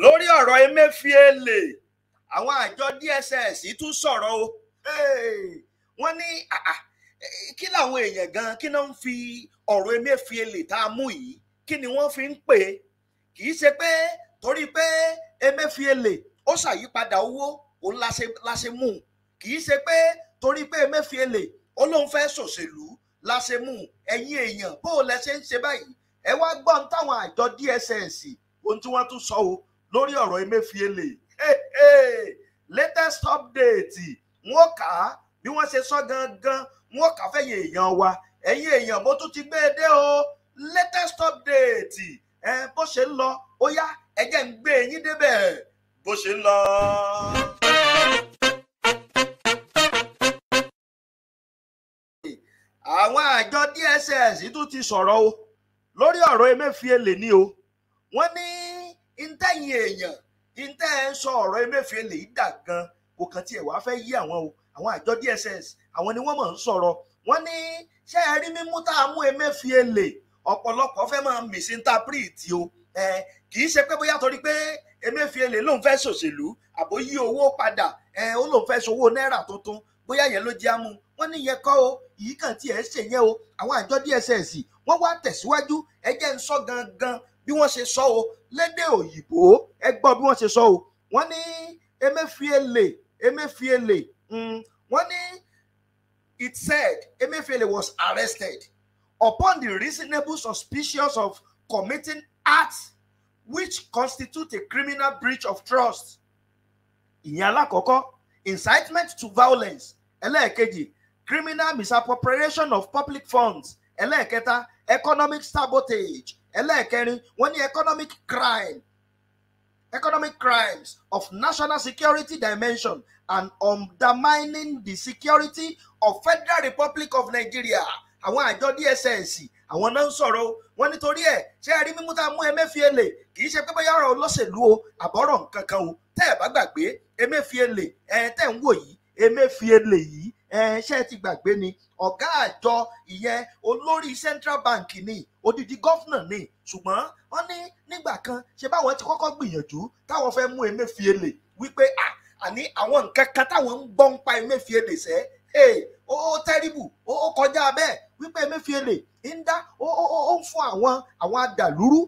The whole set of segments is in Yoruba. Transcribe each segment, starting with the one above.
lórí ọ̀rọ̀ Emefiele àwọn àjọ DSS tún sọ̀rọ̀ o wọ́n ní ah, ah, kí làwọn èèyàn gan kí náà ń fi ọ̀rọ̀ Emefiele tá a mú yìí kí ni wọ́n fi ń pè é kì í ṣe pé torí pé Emefiele ó ṣàyípadà owó òun la ṣe mú un kì í ṣe pé torí pé Emefiele ó lóun fẹ́ ṣòṣèlú la ṣe mú un ẹ̀yin èèyàn bó o lẹ ṣe ń ṣe báyìí ẹ wá gbọ́n táwọn àjọ DSS ohun tí wọ́n tún sọ o lórí ọ̀rọ̀ Emefiele latest update wọ́n kà á bí wọ́n ṣe sọ gangan wọ́n kà á fẹ̀yìn èèyàn wa ẹ̀yin èèyàn mo tún ti gbé e dé o latest update bó ṣe ń lọ ó yá ẹ jẹ́ n gbé yín débẹ̀ bó ṣe ń lọ. àwọn àjọ DSS tún ti sọ̀rọ̀ o lórí ọ̀rọ̀ Emefiele ni o wọ́n ní ntẹ̀yìn èèyàn ntẹ̀ ẹ̀ ń sọ ọ̀rọ̀ Emefiele dà gan kò kàn tiẹ̀ wá fẹ́ yí àwọn o àwọn àjọ DSS àwọn ni wọ́n mọ̀ ń sọ̀rọ̀ wọ́n ní ṣé ẹ rí mímú tá a mú Emefiele ọ̀pọ̀lọpọ̀ fẹ́ máa misinterpret o kì í ṣe pé bóyá torí pé Emefiele lòun fẹ́ ṣòṣèlú àbó yí owó padà ó lòun fẹ́ ṣòwò náírà tuntun bóyá yẹn ló jẹ́ amú wọ́n ní yẹn kọ́ o yìí kàn tiẹ̀ ṣèyẹn o àwọn àjọ DSS wọ́n wá tẹ̀síwájú ẹ jẹ́ ń sọ gangan bí wọ́n ṣe sọ o lédè òyìnbó ẹ gbọ́ bí wọ́n ṣe sọ o wọ́n ní Emefiele Emefiele hmm. wọ́n ní it said Emefiele was arrested upon the reasonable suspicion of committing acts which constitute a criminal breach of trust ìyẹn alákọ̀ọ́kọ́ incitement to violence ẹlẹ́ẹ̀kejì criminal misappropriation of public funds ẹlẹ́ẹ̀kẹta economic sabotage ẹlẹ́ẹ̀kẹrin wọ́n ní economic crime economic crimes of national security dimension and undermining the security of Federal Republic of Nigeria àwọn àjọ DSS àwọn náà ń sọ̀rọ̀ o wọ́n nítorí ẹ̀ ṣé ẹ rí mímú tá a mú Emefiele kì í ṣe pé bóyá ọ̀rọ̀ olóṣèlú o àbọ̀rọ̀ nǹkan kan o tẹ́ ẹ̀ bá gbàgbé Emefiele ẹ̀ tẹ́ ń wò yìí Emefiele yìí ṣé ẹ ti gbàgbé ni ọ̀gá àjọ ìyẹn olórí central bank ni odidi gọ́fúnà ni ṣùgbọ́n wọ́n ní nígbà kan ṣe báwọn ti kọ́kọ́ gbìyànjú táwọn fẹ́ mú Emefiele wípé àní àwọn nǹkan kan táwọn ń gbọ́ ń pa Emefiele sẹ́ ó tẹ́rìbù ó kọjá bẹ́ẹ̀ wípé Emefiele ń dá ó ń fún àwọn àwọn adàlúrú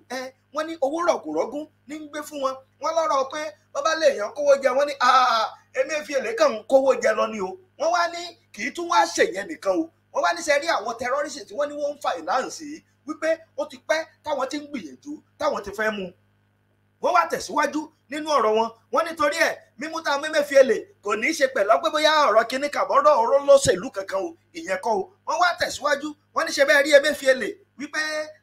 wọ́n ní owó rọ̀kùrọ́gún ní ń gbé fún wọn wọ́n lọ́rọ̀ pé wọ́n bá lè yàn kówó jẹ wọ́n ní Emefiele kàn ń kówó jẹ lọ ni o wọ́n wá ní kì í tún wá ṣèyẹn nìkan o wọ́n wá ní sẹ́rí àwọn tẹ́rọ́rìsì tí wọ́n ní wọ́n ń fa ìnáǹsì yìí wípé ó ti pẹ́ táwọn ti ń gbìyànjú táwọn ti fẹ́ mú wọ́n wá tẹ̀síwájú nínú ọ̀rọ̀ wọn wọ́n nítorí ẹ̀ mímú tá a Emefiele kò ní í ṣe pẹ̀lú ọgbẹ́ bóyá ọ̀rọ̀ kíní kàbọ́dọ̀ ọ̀rọ̀ lọ́sẹ̀lú kankan o ìyẹn kọ́ o wọ́n wá tẹ̀síwájú wọ́n ní ṣe bẹ́ẹ̀ rí Emefiele wípé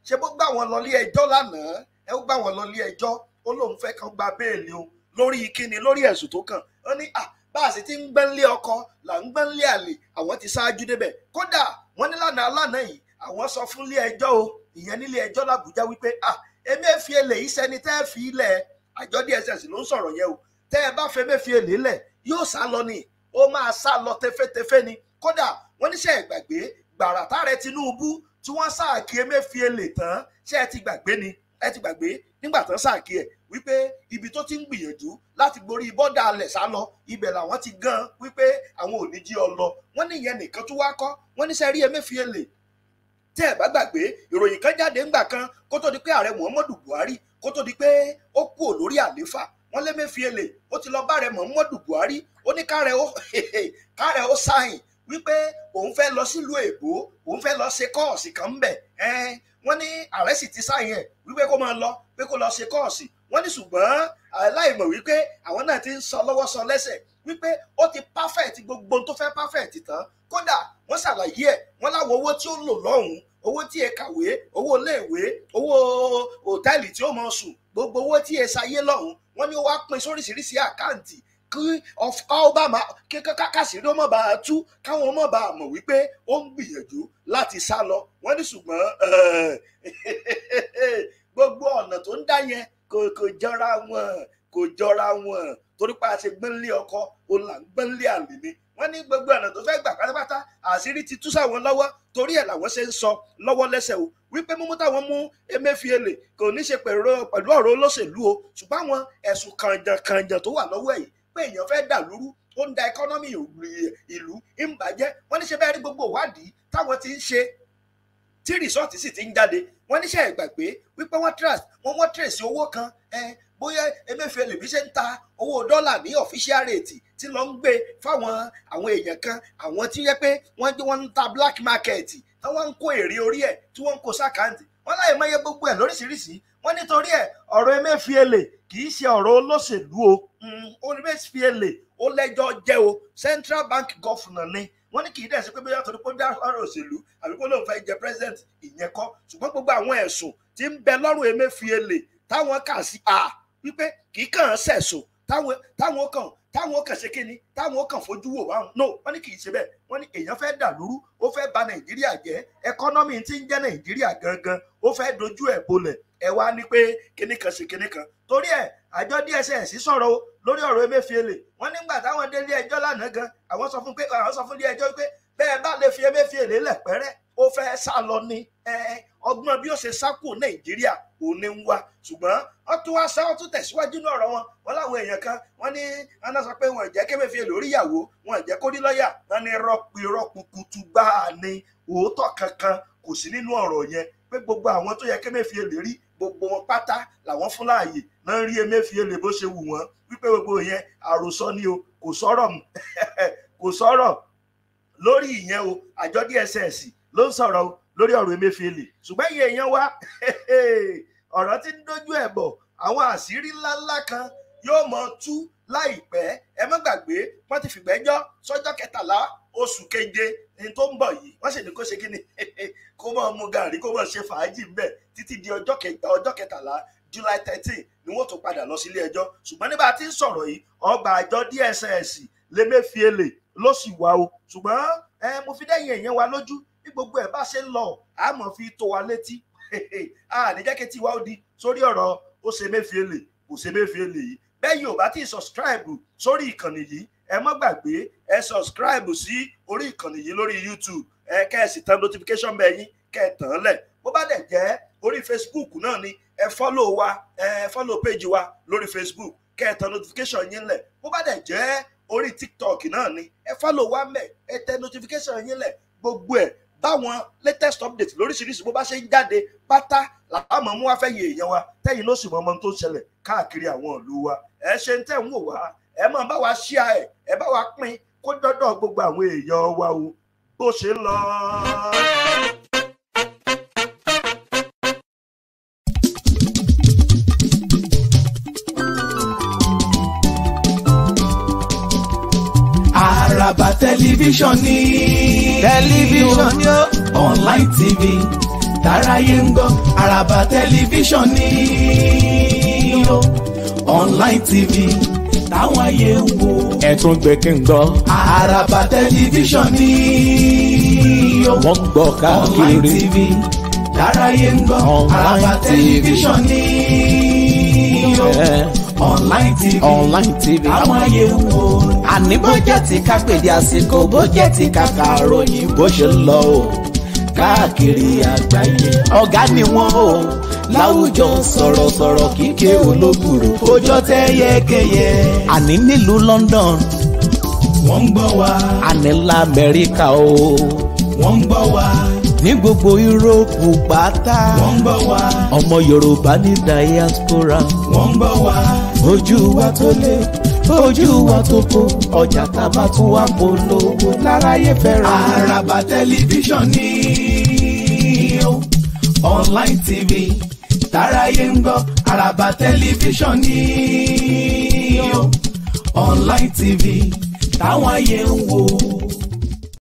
ṣe bó gbà wọ́n lọ lé lánàá ẹ ó gbà wọ́n lọ ilé ẹjọ́ ó lóun fẹ́ kàn gba béèlì o lórí kíni lórí ẹ̀sùn tó kàn ó ní à bá a sì ti ń gbẹ́ńlé ọkọ là ń gbẹ́ńlé àlè àwọn ti ṣáájú débẹ̀ kódà wọ́n ní lánàá lánàá yìí àwọn sọ fún ilé ẹjọ́ o ìyẹn nílé ẹjọ́ làbújá wípé à èmi ẹ̀ fi èlè yìí sẹ́ni tẹ́ ẹ̀ fi ilẹ̀ àjọ DSS ló ń sọ̀rọ̀ yẹn o tẹ́ ẹ bá fẹ́ mẹ́fi èlè lẹ̀ yóò sá lọ ni ó máa sá lọ tẹfẹ́tẹfẹ́ ni kódà wọ́n níṣẹ́ ìgbàgbé gbàràtà rẹ Tinubu tí wọ́n sáà kí emefiele tán ṣé ẹ ti gbàgbé ni ẹ ti gbàgbé nígbà tán sàkí ẹ̀ wípé ibi tó ti ń gbìyànjú láti gborí bọ́dà alẹ̀ sá lọ ibẹ̀ làwọn ti gan wípé àwọn ò ní jí ọ lọ wọ́n ní ìyẹn nìkan tó wá kọ́ wọ́n ní sẹ́rí Emefiele tẹ́ ẹ̀ bá gbàgbé ìròyìn kan jáde ńgbà kan kó tó di pé ààrẹ Muhammadu Buhari kó tó di pé ó kúrò lórí àlééfà wọ́n l'Emefiele ó ti lọ bá ààrẹ Muhammadu Buhari ó ní kárẹ̀ ó kárẹ̀ ó sáyìn wípé òun fẹ́ lọ sílùú èbó òun fẹ́ lọ ṣe kọ́ọ̀sì kan ń bẹ̀ wọ́n ní ààrẹ sì ti sáyẹn wípé kó máa lọ pé kó lọ ṣe kọ́ọ̀sì wọ́n ní ṣùgbọ́n aláìmọ̀ wípé àwọn náà ti ń sọ lọ́wọ́ sọ lẹ́sẹ̀ wípé ó ti perfect gbogbo tó fẹ́ perfect tán kódà wọ́n ṣàlàyé ẹ̀ wọ́n láwọn owó tí ó lò lọ́hùn-ún owó tí ẹ kàwé owó iléèwé owó hòtẹ́ẹ̀lì tí ó mọ̀ sùn gbogbo owó tí ẹ ṣayé lọ́hùn-ún wọ́n ní ó wá pín sóríṣiríṣi àkáǹtì Of káwọ́ bá kásìrí ó mọ̀ bá a tú káwọn mọ̀ bá a mọ̀ wípé ó ń gbìyànjú láti sá lọ wọ́n ní ṣùgbọ́n eh, gbogbo ọ̀nà tó ń dá yẹn kò jọra wọn kò jọra wọn torí pa àṣẹ gbẹ́ńlé ọkọ òun là ń gbẹ́ńlé àlè ni wọ́n ní gbogbo ọ̀nà tó fẹ́ gbà pátápátá àṣírí ti tú sáwọn lọ́wọ́ torí ẹ̀ làwọn ṣe ń sọ lọ́wọ́ lẹ́sẹ̀ o wípé mímú táwọn mú Emefiele kò ní ṣe pẹ̀lú ọ̀rọ̀ olóṣèlú o ṣùgbọ́n àwọn ẹ̀sùn kànjàkànjà tó wà lọ́wọ́ ẹ̀yìn pé èèyàn fẹ́ dà lóru tó ń da ẹkọ́nọ́mì ìlú ń bàjẹ́ wọ́n ní ṣe bẹ́ẹ̀ rí gbogbo ìwádìí táwọn ti ń ṣe tí rìsọ́ọ̀tì sì ti ń jáde wọ́n níṣẹ́ ìgbàgbé wípé wọ́n trust wọ́n wọ́n trace owó kan bóyá emefiele bí ṣe ń ta owó dọ́là ní official rate tí lọ ń gbé fáwọn àwọn èèyàn kan àwọn tí yẹ pé wọ́n ń ta black market tí wọ́n ń kó èrè orí ẹ̀ tí wọ́n ń kó sákàǹtì wọ́n láyè mọ́yé gbogbo ẹ̀ lóríṣiríṣi wọ́n nítorí ẹ̀ ọ̀rọ̀ Emefiele kì í ṣe ọ̀rọ̀ olóṣèlú o Emefiele mm, ó lẹ́jọ́ jẹ́ o central bank governor ni wọ́n ní kì í dẹ̀ sí pé bí wọ́n torí pé ó dá ọ̀rọ̀ òṣèlú àbí kó lóun fẹ́ jẹ president ìyẹn kọ́ ṣùgbọ́n gbogbo àwọn ẹ̀sùn tí ń bẹ lọ́rùn Emefiele táwọn kà sí a wípé kì í kàn án sẹ̀sùn táwọn kàn táwọn kàn ṣe kíni táwọn kàn fojú wò wá no wọn ní kì í ṣe wọn ni ní èèyàn dà dàlúrú ó fẹ́ẹ́ bà nàìjíríà jẹ́ ẹkọnọmì tí ń jẹ́ nàìjíríà gangan ó fẹ́ẹ́ dojú ẹ̀ bolẹ̀ ẹ wá ní pé kíní kan torí ẹ àjọ DSS sọ̀rọ̀ lórí ọ̀rọ̀ Emefiele nígbà táwọn lánàá gan àwọn sọ àwọn sọ ẹ ọgbọ́n bí ó ṣe sá kúrò nàìjíríà òní ń wá ṣùgbọ́n wọ́n tún wá sá wọ́n tún tẹ̀síwájú ní ọ̀rọ̀ wọn wọ́n láwọn èèyàn kan wọ́n ní aná sọ pé wọ́n jẹ́ kébèfé lórí ìyàwó wọ́n jẹ́ kó ní lọ́ọ̀yà wọ́n ní rọpì rọpùkùtù gbá a ní òótọ́ kankan kò sí nínú ọ̀rọ̀ yẹn pé gbogbo àwọn tó yẹ kébèfé lérí gbogbo wọn pátá làwọn fún láàyè náà rí emefiele bó ṣe wù wọ́n wípé gbogbo yẹn àròsọ ni o kò sọ̀rọ̀ kò sọ̀rọ̀ lórí ìyẹn o àjọ DSS ló ń sọ̀rọ̀ o lórí ọ̀rọ̀ Emefiele ṣùgbọ́n ìyẹn èèyàn wa ọ̀rọ̀ tí ń dojú ẹ̀ bọ̀ àwọn àṣírí ńláńlá kan yóò mọ tú láìpẹ́ ẹ má gbàgbé wọ́n ti fìgbẹ́jọ́ sọ́jọ́ kẹtàlá oṣù keje ní tó ń bọ̀ yìí wọ́n sì ní kó ṣe kí ni kó mọ̀ mu gàrí kó mọ̀ ṣe fàájì ńbẹ̀ títí di ọjọ́ kẹtàlá July thirteen ni wọ́n tó padà lọ sílé ẹjọ́ ṣùgbọ́n nígbà tí ń sọ̀rọ̀ yìí ọgbà àjọ DSS l'Emefiele ló sì wá o ṣùgbọ́n mo fi dẹ́yìn èèyàn wa lójú bí gbogbo ẹ̀ bá ṣe ń lọ a mọ̀ fi tó wa létí a ní jẹ́ kí tiwa ó di sórí ọ̀rọ̀ ó ṣe Emefiele kò ṣe Emefiele yìí bẹ́ẹ̀ yóò bá ti subscribe sórí ìkànnì yìí ẹ má gbàgbé ẹ subscribe sí orí ìkànnì yìí lórí YouTube ẹ kẹ́ tan notification bẹ́ẹ̀ yín kẹ́ ẹ tàn án lẹ̀ bó bá dẹ̀ jẹ́ orí Facebook náà ni ẹ follow wa ẹ follow page wa lórí Facebook kẹ́ tan notification yín lẹ̀ bó bá dẹ̀ jẹ́ orí TikTok náà ni ẹ follow wa mẹ́ ẹ tẹ notification yín lẹ̀ gbogbo ẹ̀ táwọn latest update lóríṣiríṣi bó bá ṣe ń jáde pátá làwọn mọ̀ mú wá fẹ́ yẹ èèyàn wa tẹ́yìn ló sì mọ ọmọ tó ń ṣẹlẹ̀ káàkiri àwọn ìlú wa ẹ ṣe ń tẹ̀ ń wò wá ẹ mọ̀ bá wa ṣíà ẹ̀ ẹ bá wa pín kó dọ́dọ̀ gbogbo àwọn èèyàn wa o bó ṣe ń lọ. Àràbà tẹlifíṣàn ni tẹlifíṣàn ni ó online tv tàráyé ń gbọ́ àràbà tẹlifíṣàn ni ó online tv táwọn ayé ń wo. ẹ tún gbé kí n gbọ́. àràbà tẹlifíṣàn ni ó wọ́n gbọ́ káàkiri online tv tàráyé ń gbọ́ àràbà tẹlifíṣàn ni ó online tv online tv àwọn àyẹ̀wò àní bó jẹ́ ti ká pèdé àsìkò bó jẹ́ ti ká kàròyìn bó ṣe ń lọ o káàkiri àgbáyé ọ̀gá ni wọ́n o láwùjọ sọ̀rọ̀sọ̀rọ̀ kíkẹ́ olóbùrò ojọ́ tẹ́ àní nílùú London wọ́n ń gbọ́ wa àní lamẹ́ríkà o wọ́n ń gbọ́ wa ní gbogbo yúróòpù pátá. wọ́n gbọ́ wá. ọmọ yorùbá ní diaspora. wọ́n gbọ́ wá. ojú wa tó lé ojú wa tó kó ọjà tá a bá tún wá polówó láráyé fẹ́ràn. àràbà tẹlifíṣàn ni ó online tv táráyé ń gbọ́ àràbà tẹlifíṣàn ni ó online tv táwọn ayé ń wò.